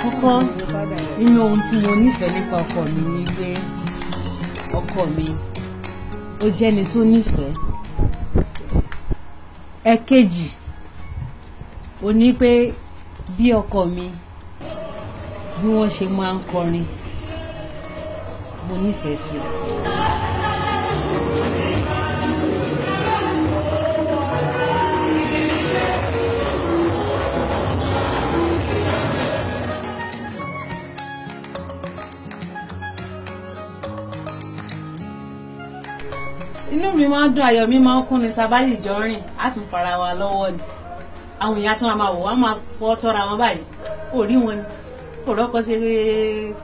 àkọ́kọ́ inú ohun tí mo nífẹ̀ẹ́ nípa ọkọ mi ni pé ọkọ mi ó jẹ́ ẹni tó nífẹ̀ẹ́ ẹ̀kejì ó ní pé bí ọkọ mi bí wọ́n ṣe máa ń kọrin mo nífẹ̀ẹ́ sí i. inú mi máa ń dùn ayọ̀ mi máa ń kún ni tàbá yìí jọ rìn á tún fara wa lọ́wọ́ ni àwọn èèyàn tún máa wò wá máa fọ́ tọ́ra wọn báyìí kò rí wọn ni kò rọ́kọ ṣe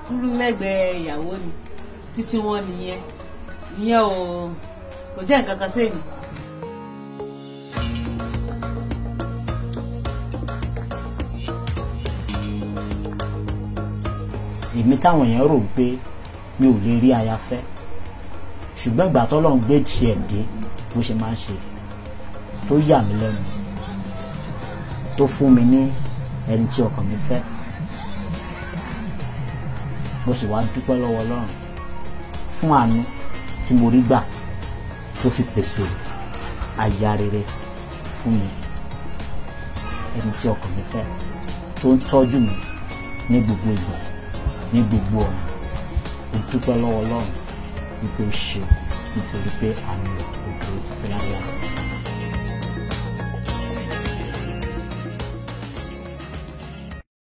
kúrú lẹ́gbẹ̀ẹ́ ìyàwó ni títí wọn nìyẹn ìyẹn ò kò jẹ́ nǹkan kan sẹ́yìn. èmi táwọn èèyàn rò pé mi ò lè rí aya fẹ́ ṣùgbọ́n ìgbà tọ́lọ́run gbé tiẹ̀ dé bó ṣe máa ń ṣe tó yà mí lẹ́nu tó fún mi ní ẹni tí ọkàn mi fẹ́ mo sì wá dúpẹ́ lọ́wọ́ Ọlọ́run fún àánú tí mo rí gbà tó fi pèsè aya rere fún mi ẹni tí ọkàn mi fẹ́ tó ń tọ́jú mi ní gbogbo ìgbà ní gbogbo ọ̀nà mo dúpẹ́ lọ́wọ́ Ọlọ́run wípé ó ṣe nítorí pé àmì òdòdó títí láyé àná.